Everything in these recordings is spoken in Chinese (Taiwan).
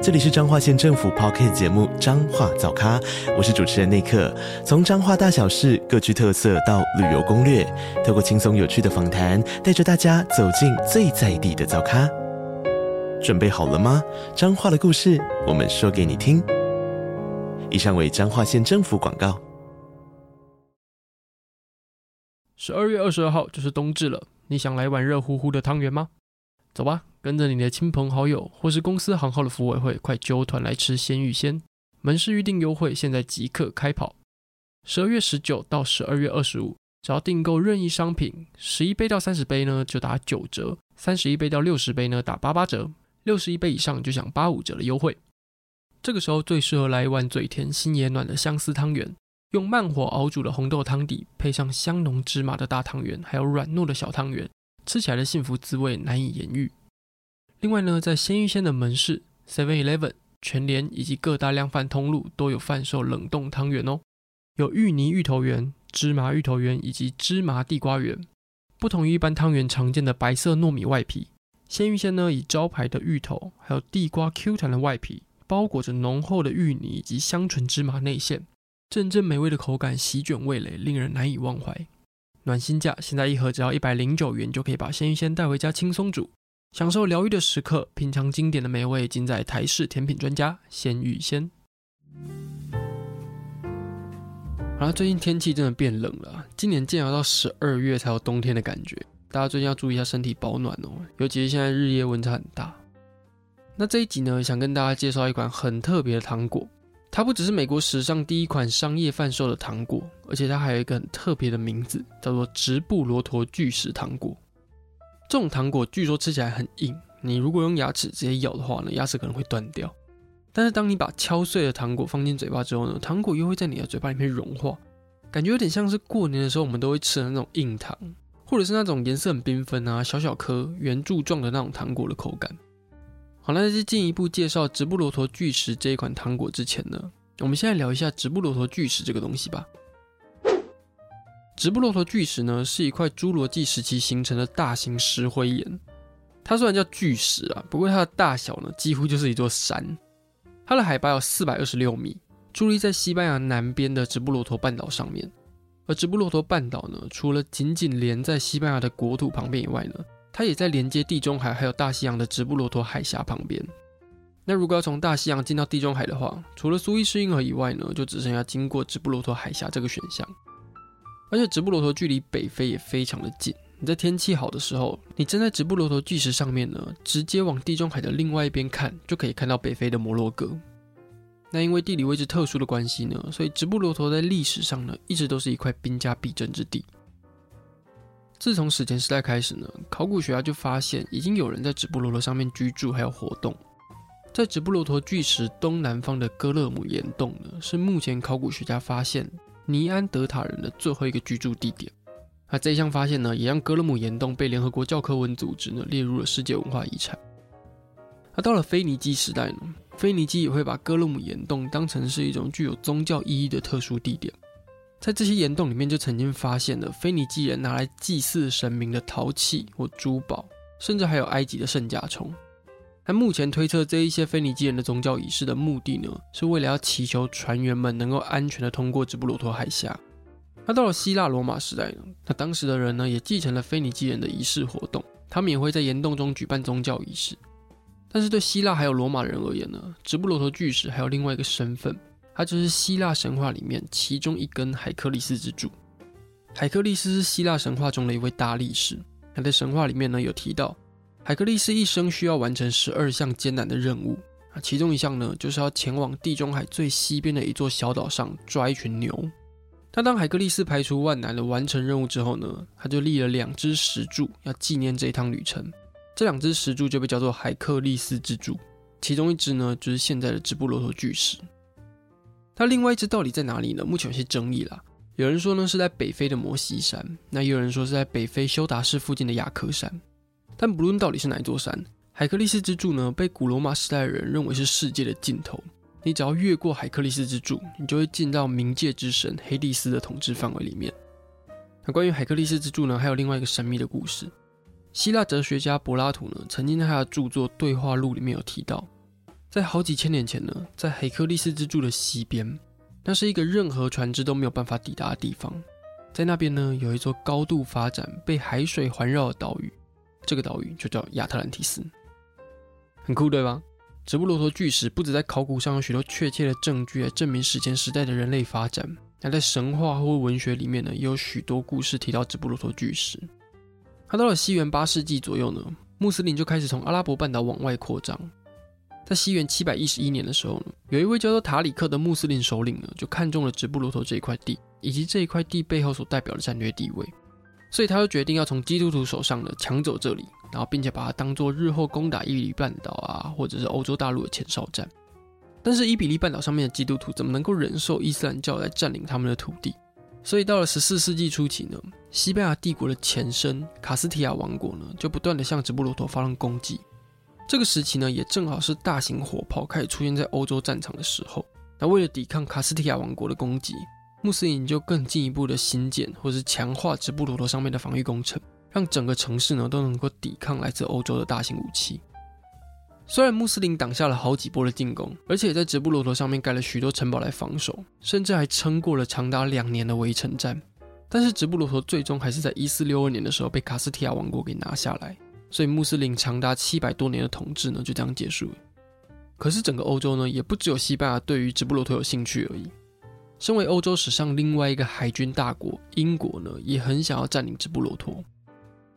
這裡是彰化縣政府 Podcast 節目《彰化早咖》，我是主持人內克。從彰化大小事各具特色到旅遊攻略，透過輕鬆有趣的訪談，帶着大家走進最在地的早咖。準備好了嗎？彰化的故事，我們說給你聽。以上為彰化縣政府廣告。十二月二十二號就是冬至了，你想來碗熱乎乎的湯圓嗎？走吧。跟着你的親朋好友，或是公司行號的福委會，快揪團來吃鮮芋仙，門市預訂優惠，現在即刻開跑。十二月十九到十二月二十五，只要訂購任意商品，十一杯到三十杯呢，就打九折，三十一杯到六十杯呢，打八八折，六十一杯以上就享八五折的優惠。這個時候最適合來一碗嘴甜心也暖的相思湯圓，用慢火熬煮的紅豆湯底，配上香濃芝麻的大湯圓，還有軟糯的小湯圓，吃起來的幸福滋味難以言喻。另外呢，在鮮芋仙的門市、Seven Eleven、全聯以及各大量販通路都有販售冷凍湯圓哦，有芋泥芋頭圓、芝麻芋頭圓以及芝麻地瓜圓。不同於一般湯圓常見的白色糯米外皮，鮮芋仙呢以招牌的芋頭，還有地瓜 Q 彈的外皮，包裹着濃厚的芋泥以及香醇芝麻內餡，陣陣美味的口感席捲味蕾，令人難以忘懷。暖心價，現在一盒只要一百零九元，就可以把鮮芋仙帶回家輕鬆煮。享受療癒的時刻，品嘗經典的美味，盡在台式甜品專家鮮芋仙，仙。好了，最近天氣真的變冷了，今年竟然要到十二月才有冬天的感覺，大家最近要注意一下身體保暖哦，尤其是現在日夜溫差很大。那這一集呢，想跟大家介紹一款很特別的糖果，它不只是美國史上第一款商業販售的糖果，而且它還有一個很特別的名字，叫做直布羅陀巨石糖果。這種糖果據說吃起來很硬，你如果用牙齒直接咬的話呢，牙齒可能會斷掉。但是當你把敲碎的糖果放進嘴巴之後呢，糖果又會在你的嘴巴裡面融化，感覺有點像是過年的時候我們都會吃的那種硬糖，或者是那種顏色很繽紛啊、小小顆、圓柱狀的那種糖果的口感。好了，在進一步介紹直布羅陀巨石這一款糖果之前呢，我們先來聊一下直布羅陀巨石這個東西吧。直布羅陀巨石呢，是一塊侏羅紀時期形成的大型石灰岩。它雖然叫巨石啊，不過它的大小呢，幾乎就是一座山。它的海拔有四百二十六米，矗立在西班牙南邊的直布羅陀半島上面。而直布羅陀半島呢，除了緊緊連在西班牙的國土旁邊以外呢，它也在連接地中海還有大西洋的直布羅陀海峽旁邊。那如果要從大西洋進到地中海的話，除了蘇伊士運河以外呢，就只剩下經過直布羅陀海峽這個選項。而且直布羅陀距離北非也非常的近。你在天氣好的時候，你站在直布羅陀巨石上面呢，直接往地中海的另外一邊看，就可以看到北非的摩洛哥。那因為地理位置特殊的關係呢，所以直布羅陀在歷史上呢，一直都是一塊兵家必爭之地。自從史前時代開始呢，考古學家就發現已經有人在直布羅陀上面居住還有活動。在直布羅陀巨石東南方的哥勒姆岩洞呢，是目前考古學家發現。尼安德塔人的最後一個居住地點，那、啊、這項發現呢，也讓戈勒姆岩洞被聯合國教科文組織呢列入了世界文化遺產。而、啊、到了腓尼基時代呢，腓尼基也會把戈勒姆岩洞當成是一種具有宗教意義的特殊地點。在這些岩洞裡面，就曾經發現了腓尼基人拿來祭祀神明的陶器或珠寶，甚至還有埃及的聖甲蟲。那目前推測這一些腓尼基人的宗教儀式的目的呢，是為了要祈求船員們能夠安全的通過直布羅陀海峽。那到了希臘羅馬時代呢，那當時的人呢也繼承了腓尼基人的儀式活動，他們也會在岩洞中舉辦宗教儀式。但是對希臘還有羅馬人而言呢，直布羅陀巨石還有另外一個身份，它就是希臘神話裡面其中一根海克利斯之柱。海克利斯是希臘神話中的一位大力士，他在神話裡面呢有提到。海格力斯一生需要完成十二項艱難的任務，啊，其中一項呢，就是要前往地中海最西邊的一座小島上抓一群牛。但當海格力斯排除萬難的完成任務之後呢，他就立了兩只石柱，要紀念這一趟旅程。這兩只石柱就被叫做海克力斯之柱。其中一只呢，就是現在的直布羅陀巨石。那另外一只到底在哪裡呢？目前有些爭議啦。有人說呢，是在北非的摩西山，那也有人說是在北非休達市附近的雅克山。但不論到底是哪一座山，海克利斯之柱呢，被古羅馬時代的人認為是世界的盡頭。你只要越過海克利斯之柱，你就會進到冥界之神黑帝斯的統治範圍裡面。那關於海克利斯之柱呢，還有另外一個神秘的故事。希臘哲學家柏拉圖呢，曾經在他的著作《對話錄》裡面有提到，在好幾千年前呢，在海克利斯之柱的西邊，那是一個任何船隻都沒有辦法抵達的地方。在那邊呢，有一座高度發展、被海水環繞的島嶼。這個島嶼就叫亞特蘭蒂斯，很酷，對吧？直布羅陀巨石不只在考古上有許多確切的證據來證明史前時代的人類發展，那在神話或文學裡面呢，也有許多故事提到直布羅陀巨石。它、啊、到了西元八世紀左右呢，穆斯林就開始從阿拉伯半島往外擴張。在西元七百一十一年的時候呢，有一位叫做塔里克的穆斯林首領呢，就看中了直布羅陀這一塊地，以及這一塊地背後所代表的戰略地位。所以他就決定要從基督徒手上呢搶走這裡，然後並且把它當做日後攻打伊比利半島啊，或者是歐洲大陸的前哨站。但是伊比利半島上面的基督徒怎麼能夠忍受伊斯蘭教來佔領他們的土地？所以到了十四世紀初期呢，西班牙帝國的前身卡斯提亞王國呢，就不斷的向直布羅陀發動攻擊。這個時期呢，也正好是大型火炮開始出現在歐洲戰場的時候。那為了抵抗卡斯提亞王國的攻擊，穆斯林就更進一步的新建或是強化直布羅陀上面的防禦工程，讓整個城市呢都能夠抵抗來自歐洲的大型武器。雖然穆斯林擋下了好幾波的進攻，而且在直布羅陀上面蓋了許多城堡來防守，甚至還撐過了長達兩年的圍城戰，但是直布羅陀最終還是在1462年的時候被卡斯提亞王國給拿下來。所以穆斯林長達七百多年的統治呢就這樣結束了。可是整個歐洲呢也不只有西班牙對於直布羅陀有興趣而已。身為歐洲史上另外一個海軍大國，英國呢，也很想要占領直布羅陀。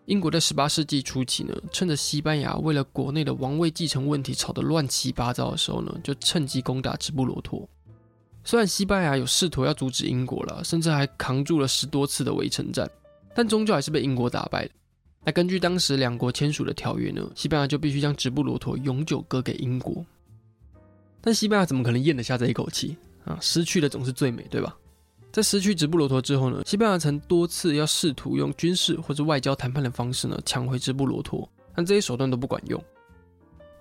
英國在十八世紀初期呢，趁着西班牙為了國內的王位繼承問題吵得亂七八糟的時候呢，就趁機攻打直布羅陀。雖然西班牙有試圖要阻止英國啦，甚至還扛住了十多次的圍城戰，但終究還是被英國打敗了。那根據當時兩國簽署的條約呢，西班牙就必須將直布羅陀永久割給英國。但西班牙怎麼可能咽得下這一口氣？啊，失去的總是最美，對吧？在失去直布羅陀之後呢，西班牙曾多次要試圖用軍事或者外交談判的方式呢，搶回直布羅陀，但這些手段都不管用。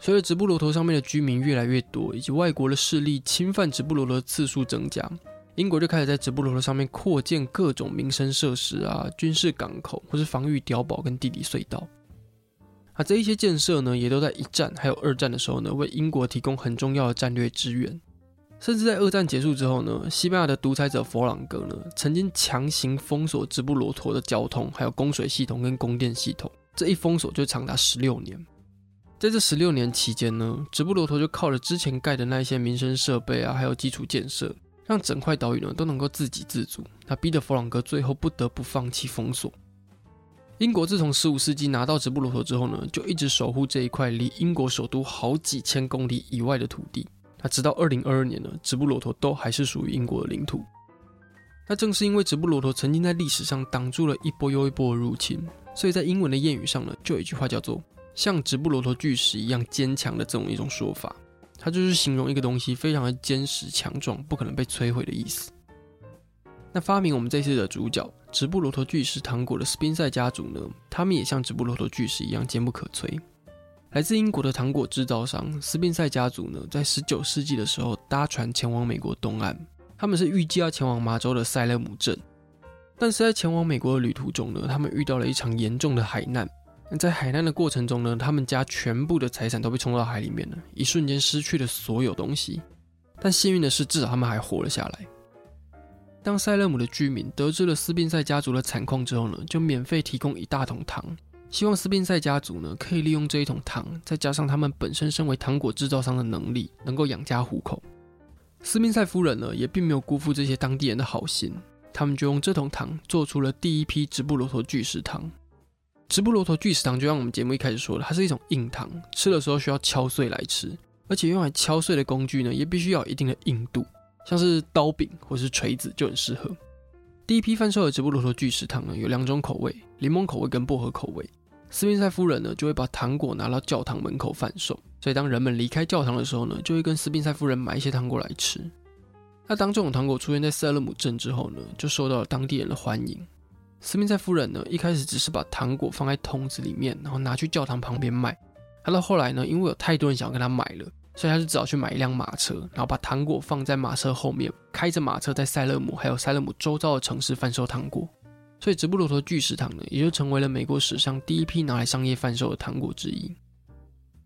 隨着直布羅陀上面的居民越來越多，以及外國的勢力侵犯直布羅陀的次數增加，英國就開始在直布羅陀上面擴建各種民生設施啊、軍事港口，或是防禦碉堡跟地底隧道。啊，這一些建設呢，也都在一戰還有二戰的時候呢，為英國提供很重要的戰略支援。甚至在二戰結束之後呢，西班牙的獨裁者佛朗哥呢，曾經強行封鎖直布羅陀的交通，還有供水系統跟供電系統。這一封鎖就長達十六年，在這十六年期間呢，直布羅陀就靠着之前蓋的那一些民生設備啊，還有基礎建設，讓整塊島嶼呢都能夠自給自足。他逼得佛朗哥最後不得不放棄封鎖。英國自從十五世紀拿到直布羅陀之後呢，就一直守護這一塊離英國首都好幾千公里以外的土地。那直到二零二二年呢，直布羅陀都還是屬於英國的領土。那正是因為直布羅陀曾經在歷史上擋住了一波又一波的入侵，所以在英文的諺語上呢，就有一句話叫做“像直布羅陀巨石一樣堅強”的這種一種說法，它就是形容一個東西非常的堅實強壯，不可能被摧毀的意思。那發明我們這次的主角直布羅陀巨石糖果的斯賓塞家族呢，他們也像直布羅陀巨石一樣堅不可摧。來自英國的糖果製造商斯賓塞家族呢，在19世紀的時候，搭船前往美國東岸。他們是預計要前往馬州的塞勒姆鎮，但是在前往美國的旅途中呢，他們遇到了一場嚴重的海難。在海難的過程中呢，他們家全部的財產都被沖到海裡面了，一瞬間失去了所有東西。但幸運的是，至少他們還活了下來。當塞勒姆的居民得知了斯賓塞家族的慘況之後呢，就免費提供一大桶糖。希望斯賓塞家族呢，可以利用這一桶糖，再加上他們本身身為糖果制造商的能力，能夠養家糊口。斯賓塞夫人呢也並沒有辜負這些當地人的好心，他們就用這桶糖做出了第一批直布羅陀巨石糖。直布羅陀巨石糖就像我們節目一開始說的，它是一種硬糖，吃的時候需要敲碎來吃，而且用來敲碎的工具呢也必須要有一定的硬度，像是刀柄或是錘子就很適合。第一批販售的直布羅陀巨石糖呢有兩種口味，檸檬口味跟薄荷口味。斯賓塞夫人呢，就會把糖果拿到教堂門口販售，所以當人們離開教堂的時候呢，就會跟斯賓塞夫人買一些糖果來吃。那當這種糖果出現在塞勒姆鎮之後呢，就受到了當地人的歡迎。斯賓塞夫人呢，一開始只是把糖果放在桶子裡面，然後拿去教堂旁邊賣。他到後來呢，因為有太多人想要跟他買了，所以他就只好去買一輛馬車，然後把糖果放在馬車後面，開着馬車在塞勒姆還有塞勒姆周遭的城市販售糖果。所以，直布羅陀巨石糖呢，也就成為了美國史上第一批拿來商業販售的糖果之一。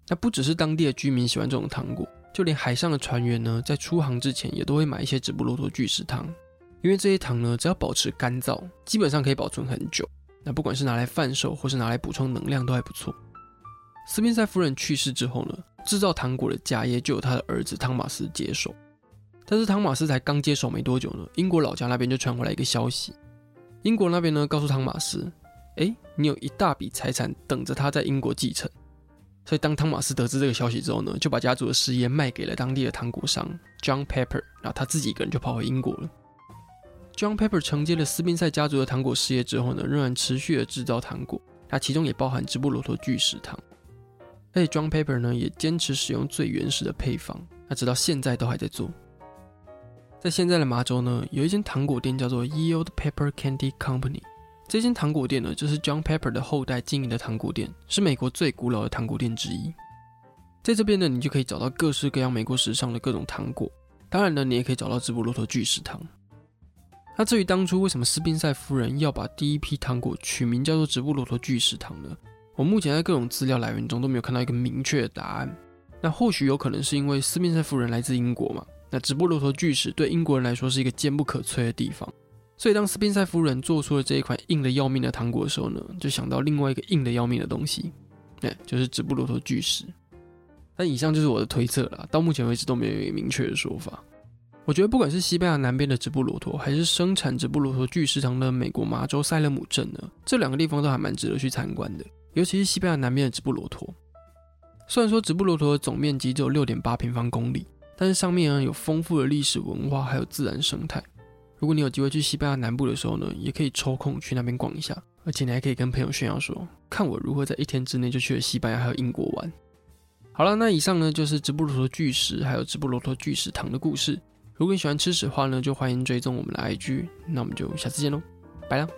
那不只是當地的居民喜歡這種糖果，就連海上的船員呢，在出航之前也都會買一些直布羅陀巨石糖，因為這些糖呢，只要保持乾燥，基本上可以保存很久。那不管是拿來販售，或是拿來補充能量，都還不錯。斯賓塞夫人去世之後呢，製造糖果的家業就由他的兒子湯馬斯接手。但是湯馬斯才剛接手沒多久呢，英國老家那邊就傳回來一個消息。英國那邊呢，告訴湯馬斯，哎，你有一大筆財產等着他在英國繼承。所以當湯馬斯得知這個消息之後呢，就把家族的事業賣給了當地的糖果商 John Pepper，然後他自己一個人就跑回英國了。John Pepper 承接了斯賓塞家族的糖果事業之後呢，仍然持續的制造糖果，它其中也包含直布羅陀巨石糖。所以 John Pepper 呢，也堅持使用最原始的配方，他直到現在都還在做。在現在的麻州呢，有一間糖果店叫做 Ye Olde Pepper Candy Company。這間糖果店呢，就是 John Pepper 的後代經營的糖果店，是美國最古老的糖果店之一。在這邊呢，你就可以找到各式各樣美國史上的各種糖果。當然呢，你也可以找到直布羅陀巨石糖。那至於當初為什麼斯賓塞夫人要把第一批糖果取名叫做直布羅陀巨石糖呢？我目前在各種資料來源中都沒有看到一個明確的答案。那或許有可能是因為斯賓塞夫人來自英國嘛？那直布羅陀巨石對英國人來說是一個堅不可摧的地方，所以當斯賓塞夫人做出了這一款硬得要命的糖果的時候呢，就想到另外一個硬得要命的東西，哎，就是直布羅陀巨石。那以上就是我的推測了，到目前為止都沒有一個明確的說法。我覺得不管是西班牙南邊的直布羅陀，還是生產直布羅陀巨石糖的美國麻州塞勒姆鎮呢，這兩個地方都還蠻值得去參觀的，尤其是西班牙南邊的直布羅陀。雖然說直布羅陀總面積只有六點八平方公里。但是上面呢，有豐富的歷史文化，還有自然生態。如果你有機會去西班牙南部的時候呢，也可以抽空去那邊逛一下。而且你還可以跟朋友炫耀說，看我如何在一天之內就去了西班牙還有英國玩。好了，那以上呢就是直布羅陀巨石還有直布羅陀巨石糖的故事。如果你喜歡吃屎的話呢，就歡迎追蹤我們的 IG。那我們就下次見嘍，拜了。